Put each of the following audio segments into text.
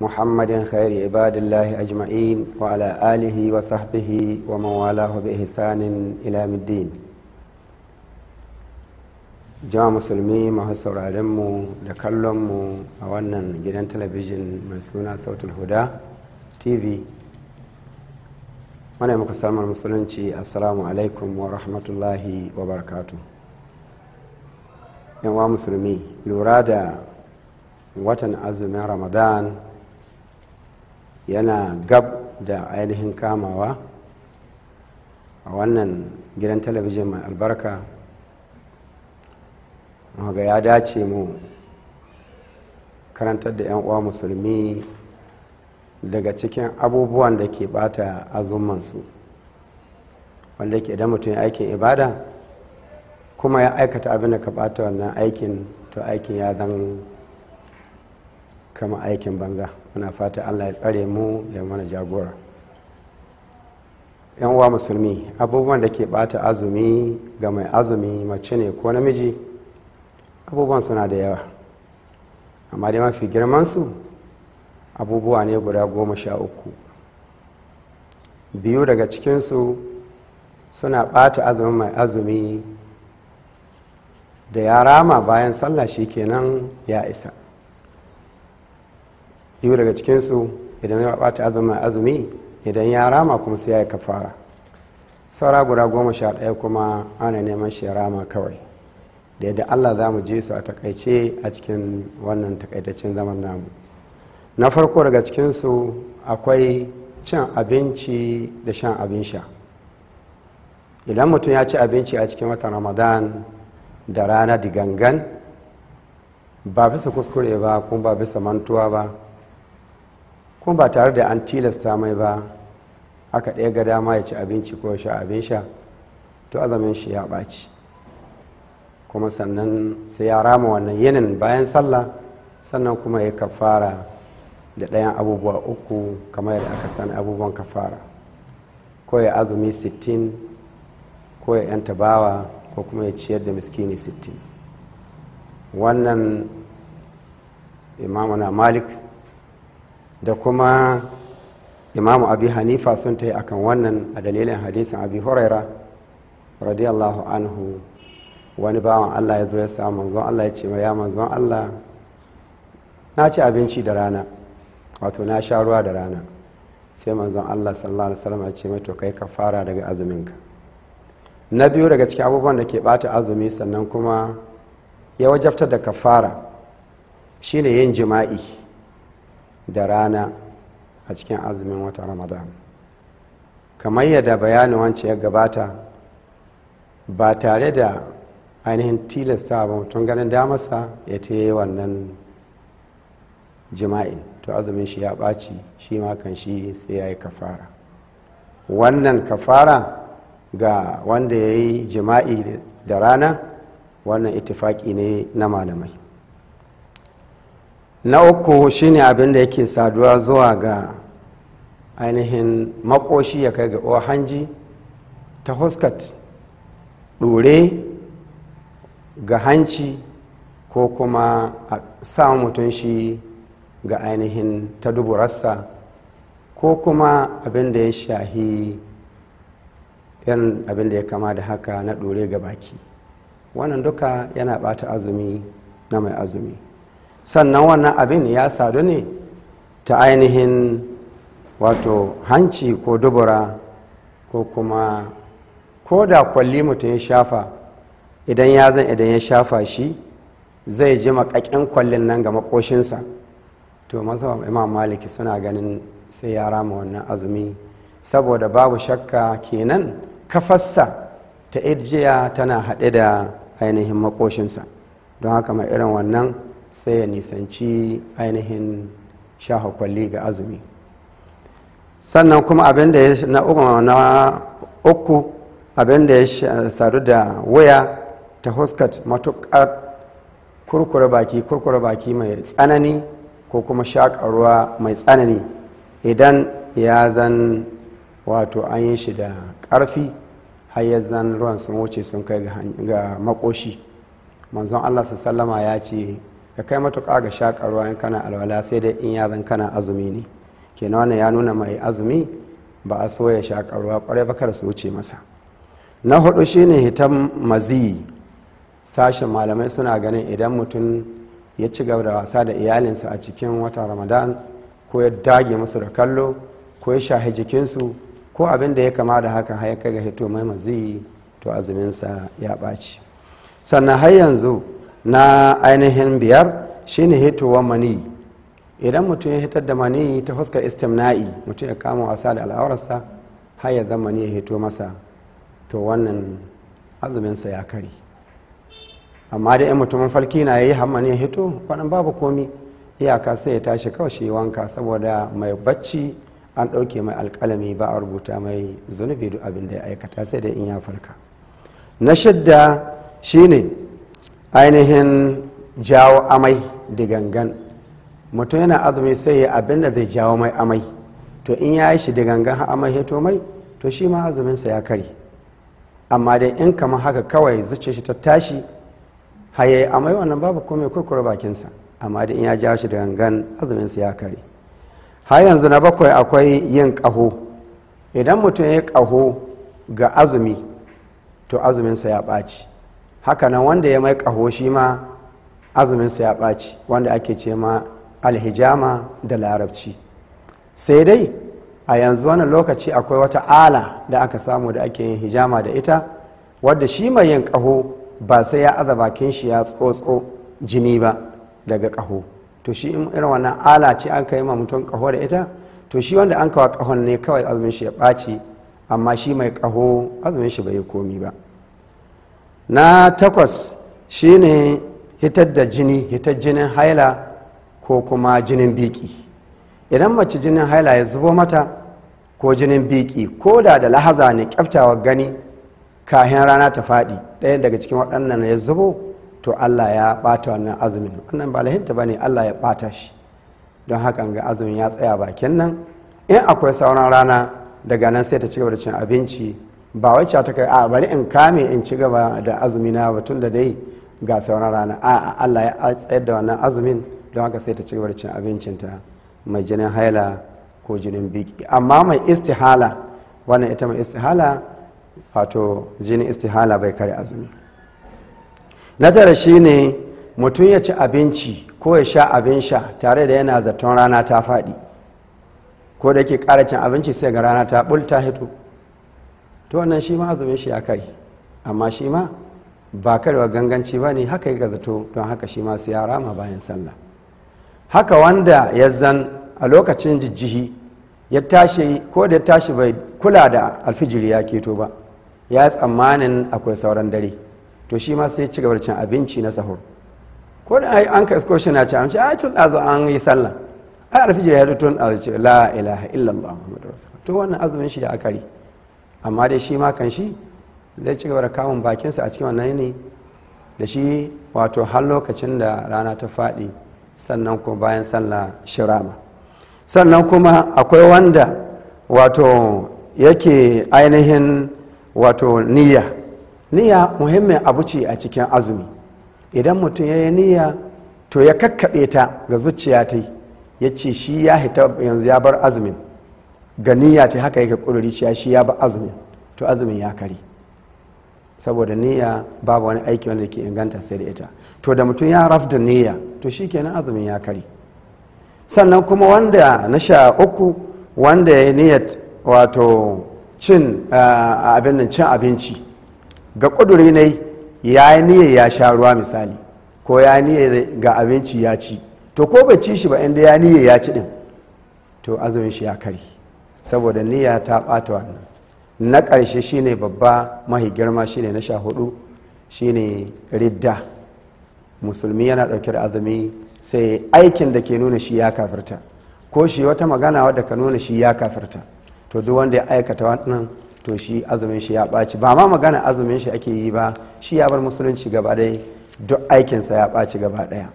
محمد خير عباد الله أجمعين وعلى آله وصحبه ومن والاه بإحسان إلى الدين musulmi masu sauraronmu da kallonmu a wannan gidan talabijin mai suna sautul huda tv mana musulunci assalamu alaikum wa wa barakatu yanwa musulmi lura da watan azumin ramadan yana gab da ainihin kamawa a wannan gidan talabijin mai albarka ga ya dace mu karantar da 'yan uwa musulmi daga cikin abubuwan da ke bata azumansu wanda ke idan mutum aikin ibada kuma ya aikata abin da ka bata wannan aikin to aikin ya zan kama aikin banga. muna fata allah ya tsare mu ya mana jagora yan uwa musulmi abubuwan da ke bata azumi ga mai azumi mace ne ko namiji abubuwan suna da yawa amma dai mafi girman su abubuwa ne guda goma sha uku biyu daga cikinsu suna bata azumin mai azumi da ya rama bayan sallah shi kenan ya isa biyu daga cikinsu idan ya ɓata azumin azumi idan ya rama kuma sai ya yi kafara saura guda goma sha ɗaya kuma ana neman shi rama kawai da yadda allah za mu je su a takaice a cikin wannan takaitaccen zaman namu na farko daga cikinsu akwai cin abinci da shan abin sha idan mutum ya ci abinci a cikin watan ramadan da rana digangan ba bisa kuskure ba kuma ba bisa mantuwa ba kuma ba tare da an tilasta mai ba aka ɗaya ga dama ya ci abinci ko sha abin sha to azamin shi ya ɓaci kuma sannan sai ya rama wannan yanin bayan sallah sannan kuma ya kafara da ɗayan abubuwa uku kamar yadda aka sani abubuwan kafara ko ya azumi sittin ko ya yan tabawa ko kuma ya ciyar da miskini sittin wannan imamuna malik da kuma imamu abi hanifa sun ta yi a kan wannan a dalilin hadisin abi huraira radiyallahu anhu wani bawan allah ya zo ya samu manzon allah ya ce ma ya manzon allah na ci abinci da rana wato na sha ruwa da rana sai manzon allah sallallahu alaihi wasallam ya ce mai to kai ka fara daga azuminka na biyu daga cikin abubuwan da ke bata azumi sannan kuma ya wajabtar da kafara shine yin jima'i da rana a cikin azumin wata ramadan kamar yadda bayanin wance ya gabata ba tare da ainihin tilasta ba mutum ganin damarsa ya ta yi wannan jima'i to azumin shi ya ɓaci shi ma kan shi sai ya yi kafara wannan kafara ga wanda ya yi jima'i da rana wannan itifaki ne na malamai na uku shine abin da yake saduwa zuwa ga ainihin makoshi ya kai ga ohanji ta huskat ɗure ga hanci ko kuma a sa mutum shi ga ainihin ta duburarsa ko kuma abin da ya shahi 'yan abin da ya kama da haka na dore ga baki wannan duka yana bata azumi na mai azumi sannan wannan abin ya sadu ne ta ainihin wato hanci ko dubura ko kuma ko da kwalli mutum ya shafa idan ya zan idan ya shafa shi zai ji makakin kwallin nan ga makoshinsa to mazhaban imam maliki suna ganin sai ya rama wannan azumi saboda babu shakka kenan kafassa ta irjiya tana haɗe da ainihin makoshinsa don haka mai irin wannan sai ya nisanci ainihin shaho kwalli ga azumi sannan kuma abin da na uku na uku abin da ya sadu da waya ta huskat matuƙar kurkura baki kurkure baki mai tsanani ko kuma shakarwa mai tsanani idan ya zan wato an yi shi da ƙarfi har ya zan ruwan sun wuce sun kai ga makoshi manzon allah sallama ya ce ka kai matuƙa ga shakarwa in kana alwala sai dai in yazan kana azumi ne kenan wannan ya nuna mai azumi ba a so ya kwarai ba kar su wuce masa na hudu shine hitan maziyi sashen malamai suna ganin idan mutum ya ci gaba da wasa da iyalinsa a cikin wata ramadan ko ya dage musu da kallo ko ya shahi jikinsu ko abin da ya kama da haka har ya kai ga hito mai maziyi to azuminsa ya ɓaci sannan har yanzu na ainihin biyar shine hitowar mani idan mutum ya hitar da mani ta fuskar istimna'i mutum ya kama wasa da al'aurarsa har ya zama ya hito masa to wannan azuminsa ya kari amma da 'yan mutumin falki na har mani ya hito wannan babu komi iyaka sai ya tashi kawai shi wanka saboda mai bacci an ɗauke mai alƙalami ba a rubuta mai zunubi duk abin da ya aikata sai da in ya farka na shidda shine ainihin jawo amai da gangan mutum yana azumi sai ya abin da zai jawo mai amai to in ya yi shi da gangan amai heto mai to shi ma azuminsa ya kare amma dai in kama haka kawai zuciya shi ta tashi haye amai wannan babu kome kurkura bakinsa amma dai in ya jawo shi da gangan azuminsa ya kare har yanzu na bakwai akwai yin ƙaho idan mutum ya yi ƙaho ga azumi to azuminsa ya ɓaci hakanan wanda ya mai kaho shi ma azuminsa ya ɓaci wanda ake ce ma alhijama da larabci sai dai a yanzu wannan lokaci akwai wata ala da aka samu da ake yin hijama da ita wadda shi mai yin ƙaho ba sai ya aza bakin shi ya tsotso jini ba daga ƙaho to shi irin wannan ala ce an kai ma mutum ƙaho da ita to shi wanda an kawa ƙahon ne kawai azumin shi ya ɓaci amma shi mai ƙaho azumin shi bai yi komi ba na takwas shine hitar da jini hitar jinin haila ko kuma jinin biki idan mace jinin haila ya zubo mata ko jinin biki ko da da lahaza ne kyaftawa gani kahin rana ta faɗi daya daga cikin waɗannan ya zubo to allah ya ɓata wannan azumin wannan ba lahinta ba ne allah ya ɓata shi don haka ga azumin ya tsaya bakin nan in akwai sauran rana daga nan sai ta ci gaba da cin abinci ba wai ta kai a bari in kame in ci gaba da azumi na tun da dai ga sauran rana a Allah ya tsayar da wannan azumin don haka sai ta ci gaba da cin abincinta mai jinin haila ko jinin biki amma mai istihala wannan ita mai istihala wato jinin istihala bai kare azumi na shi ne mutum ya ci abinci ko ya sha abin sha tare da yana zaton rana ta faɗi ko da yake ƙara cin abinci sai ga rana ta ɓul ta hito to wannan shi ma azumin shi ya kai amma shi ma ba karewa ganganci ba ne haka ya gazato don haka shi ma sai ya rama bayan sallah haka wanda ya zan a lokacin jijjihi ya tashi ko da ya tashi bai kula da alfijiri ya keto ba ya tsammanin akwai sauran dare to shi ma sai ci gabar cin abinci na sahur ko da an ka isko shi na ci amince a tun ɗazu an yi sallah ai alfijiri ya tun ɗazu ce la ilaha illallah muhammadu rasulullah to wannan azumin shi ya akari amma dai shi ma kan shi zai ci gaba da kamun bakinsa a cikin wannan yini da shi wato har lokacin da rana ta faɗi sannan ko bayan sallah shirama sannan kuma akwai wanda wato yake ainihin wato niyya niyya muhimmin abu ce a cikin azumi idan mutum ya yi niyya to ya kakkaɓe ta ga zuciya ta ya ce shi ya hita yanzu ya bar azumin ganiya ce haka yake ƙuduri cewa shi ya ba azumin to azumin ya kare saboda niyya babu wani aiki wanda ke inganta sai da ita to da mutum ya rafda niyya to shi kenan azumin ya kare sannan kuma wanda na sha uku wanda ya niyyat wato cin abin cin abinci ga ƙuduri ne ya yi niyya ya sha ruwa misali ko ya niyya ga abinci ya ci to ko bai ci shi ba inda ya niyya ya ci din to azumin shi ya kare saboda niyya ta ɓata wannan na ƙarshe shine babba mahi girma shine na sha hudu shine ridda musulmi yana ɗauke da azumi sai aikin da ke nuna shi ya kafirta ko shi wata magana wadda ka nuna shi ya kafirta to duk wanda ya aikata wannan to shi azumin shi ya ɓaci ba ma magana azumin shi ake yi ba shi ya bar musulunci gaba ɗaya duk aikinsa ya ɓaci gaba ɗaya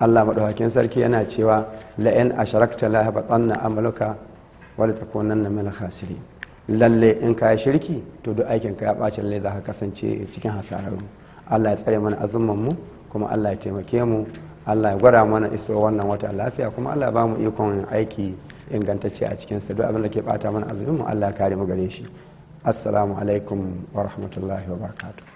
allah maɗaukakin sarki yana cewa la'in asharakta lahaba tsanna amaluka wala nan na mana hasiri lalle in ka shirki to duk aikin ka ya ɓaci lalle za ka kasance cikin hasararru Allah ya tsare mana azumman mu kuma Allah ya taimake mu Allah ya gwada mana iso wannan wata lafiya kuma Allah ya ba mu ikon aiki ingantacce a cikin sa duk abin da ke bata mana azumin mu Allah ya kare mu gare shi assalamu alaikum wa rahmatullahi wa barakatuh